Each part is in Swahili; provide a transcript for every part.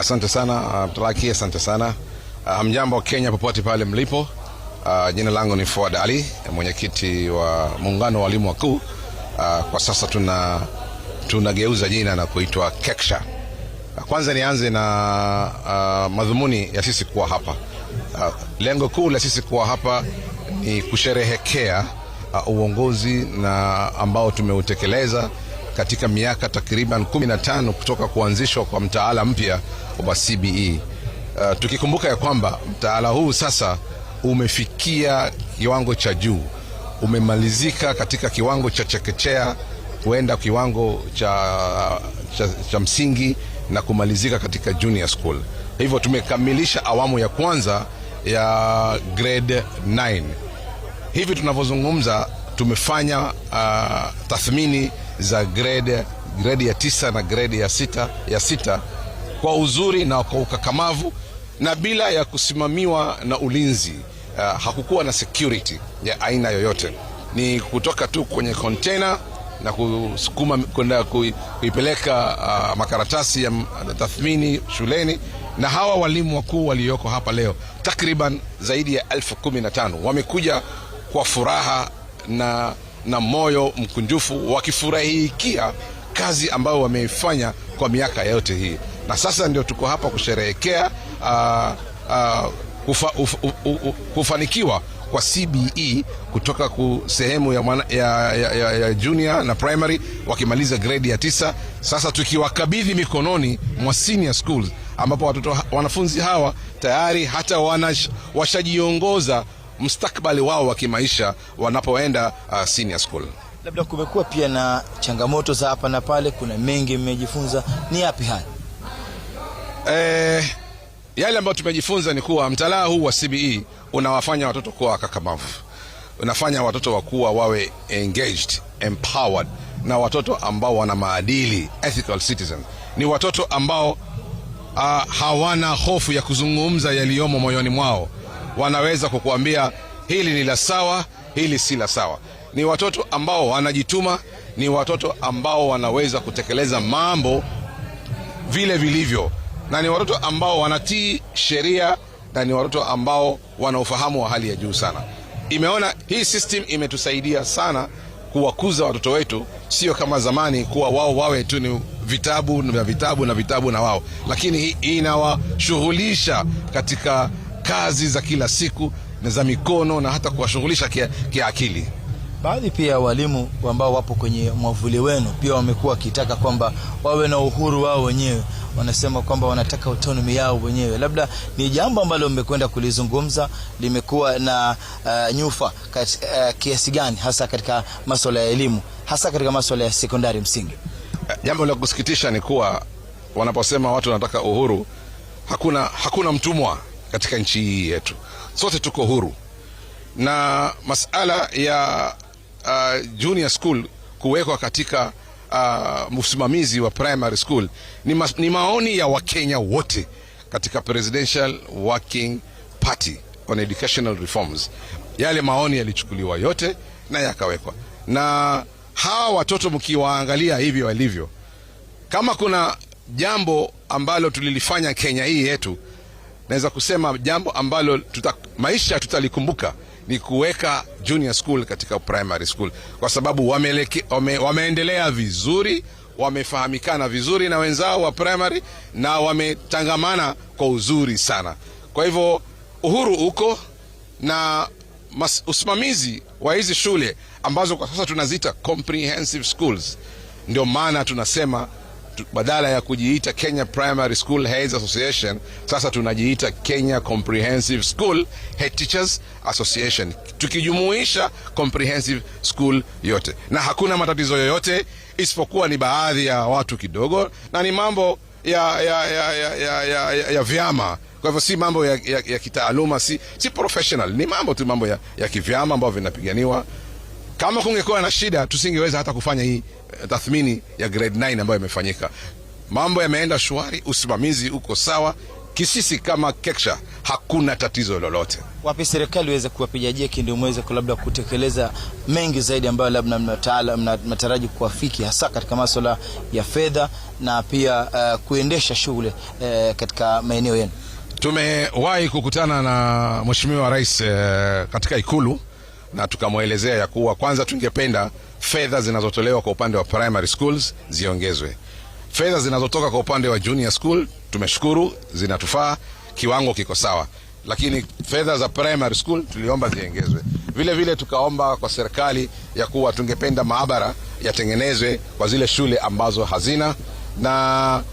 Asante sana Mtalaki, uh, asante sana uh, mjambo wa Kenya popote pale mlipo. Uh, jina langu ni Fuad Ali, mwenyekiti wa muungano wa walimu wakuu. Uh, kwa sasa tuna tunageuza jina na kuitwa Keksha. Uh, kwanza nianze na uh, madhumuni ya sisi kuwa hapa. Uh, lengo kuu la sisi kuwa hapa ni kusherehekea uh, uongozi na ambao tumeutekeleza katika miaka takriban 15 kutoka kuanzishwa kwa mtaala mpya wa CBE. Uh, tukikumbuka ya kwamba mtaala huu sasa umefikia kiwango cha juu, umemalizika katika kiwango cha chekechea kuenda kiwango cha, cha, cha msingi na kumalizika katika junior school. Hivyo tumekamilisha awamu ya kwanza ya grade 9. Hivi tunavyozungumza tumefanya uh, tathmini za grade, grade ya tisa na grade ya sita, ya sita kwa uzuri na kwa ukakamavu na bila ya kusimamiwa na ulinzi. Uh, hakukuwa na security ya aina yoyote, ni kutoka tu kwenye container na kusukuma kwenda kuipeleka uh, makaratasi ya tathmini shuleni. Na hawa walimu wakuu walioko hapa leo takriban zaidi ya elfu kumi na tano wamekuja kwa furaha na na moyo mkunjufu wakifurahikia kazi ambayo wameifanya kwa miaka yote hii, na sasa ndio tuko hapa kusherehekea uh, uh, kufa, uf, kufanikiwa kwa CBE kutoka ku sehemu ya, ya, ya, ya junior na primary wakimaliza gredi ya tisa, sasa tukiwakabidhi mikononi mwa senior schools ambapo watoto wanafunzi hawa tayari hata washa, washajiongoza mstakbali wao wa kimaisha wanapoenda uh, senior school. Labda kumekuwa pia na changamoto za hapa na pale, kuna mengi mmejifunza, ni yapi haya? Eh, yale ambayo tumejifunza ni kuwa mtalaa huu wa CBE unawafanya watoto kuwa wakakamavu, unafanya watoto wakuwa wawe engaged, empowered na watoto ambao wana maadili, ethical citizen Ni watoto ambao uh, hawana hofu ya kuzungumza yaliyomo moyoni mwao wanaweza kukuambia hili ni la sawa, hili si la sawa. Ni watoto ambao wanajituma, ni watoto ambao wanaweza kutekeleza mambo vile vilivyo, na ni watoto ambao wanatii sheria, na ni watoto ambao wana ufahamu wa hali ya juu sana. Imeona hii system imetusaidia sana kuwakuza watoto wetu, sio kama zamani kuwa wao wawe tu ni vitabu na vitabu na vitabu na wao, lakini hii inawashughulisha katika kazi za kila siku na za mikono na hata kuwashughulisha kiakili kia Baadhi pia walimu ambao wapo kwenye mwavuli wenu pia wamekuwa wakitaka kwamba wawe na uhuru wao wenyewe, wanasema kwamba wanataka autonomy yao wenyewe. Labda ni jambo ambalo mmekwenda kulizungumza, limekuwa na uh, nyufa kat, uh, eh, kiasi gani hasa katika masuala ya elimu, hasa katika masuala ya sekondari msingi? Eh, jambo la kusikitisha ni kuwa wanaposema watu wanataka uhuru, hakuna, hakuna mtumwa katika nchi hii yetu. Sote tuko huru na masala ya uh, junior school kuwekwa katika uh, usimamizi wa primary school ni, ma ni maoni ya Wakenya wote katika Presidential Working Party on Educational Reforms. Yale maoni yalichukuliwa yote na yakawekwa, na hawa watoto mkiwaangalia hivyo walivyo, kama kuna jambo ambalo tulilifanya Kenya hii yetu naweza kusema jambo ambalo tuta, maisha tutalikumbuka ni kuweka junior school katika primary school, kwa sababu wameleke, wame, wameendelea vizuri, wamefahamikana vizuri na wenzao wa primary na wametangamana kwa uzuri sana. Kwa hivyo uhuru uko na mas, usimamizi wa hizi shule ambazo kwa sasa tunaziita comprehensive schools, ndio maana tunasema badala ya kujiita Kenya Primary School Heads Association, sasa tunajiita Kenya Comprehensive School Head Teachers Association, tukijumuisha comprehensive school yote, na hakuna matatizo yoyote isipokuwa ni baadhi ya watu kidogo, na ni mambo ya, ya, ya, ya, ya, ya, ya, ya vyama kwa hivyo si mambo ya, ya, ya kitaaluma si, si professional, ni mambo tu mambo ya, ya kivyama ambayo vinapiganiwa. Kama kungekuwa na shida, tusingeweza hata kufanya hii eh, tathmini ya grade 9 ambayo imefanyika. Mambo yameenda shwari, usimamizi uko sawa. Kisisi kama keksha hakuna tatizo lolote. Wapi serikali iweze kuwapiga jeki ndio muweze labda kutekeleza mengi zaidi ambayo labda mnataraji kuafiki hasa katika masuala ya fedha na pia uh, kuendesha shughuli uh, katika maeneo yenu. Tumewahi kukutana na Mheshimiwa Rais uh, katika Ikulu na tukamwelezea ya kuwa kwanza, tungependa fedha zinazotolewa kwa upande wa primary schools ziongezwe. Fedha zinazotoka kwa upande wa junior school tumeshukuru, zinatufaa, kiwango kiko sawa, lakini fedha za primary school tuliomba ziongezwe. Vile vile tukaomba kwa serikali ya kuwa tungependa maabara yatengenezwe kwa zile shule ambazo hazina, na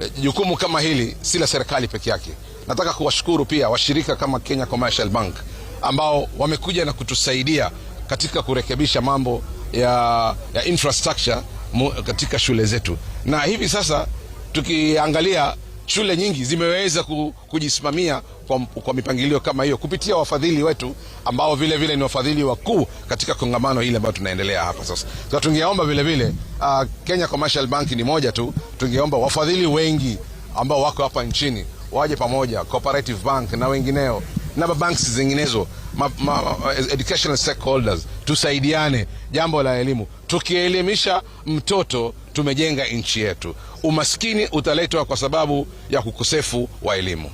eh, jukumu kama hili si la serikali peke yake. Nataka kuwashukuru pia washirika kama Kenya Commercial Bank ambao wamekuja na kutusaidia katika kurekebisha mambo ya, ya infrastructure mu, katika shule zetu, na hivi sasa tukiangalia shule nyingi zimeweza kujisimamia kwa, kwa mipangilio kama hiyo kupitia wafadhili wetu ambao vile vile ni wafadhili wakuu katika kongamano hili ambayo tunaendelea hapa sasa. So, tungeomba vile vile uh, Kenya Commercial Bank ni moja tu, tungeomba wafadhili wengi ambao wako hapa nchini waje pamoja, Cooperative Bank na wengineo na banks zinginezo ma, ma, educational stakeholders tusaidiane jambo la elimu. Tukielimisha mtoto tumejenga nchi yetu. Umaskini utaletwa kwa sababu ya ukosefu wa elimu.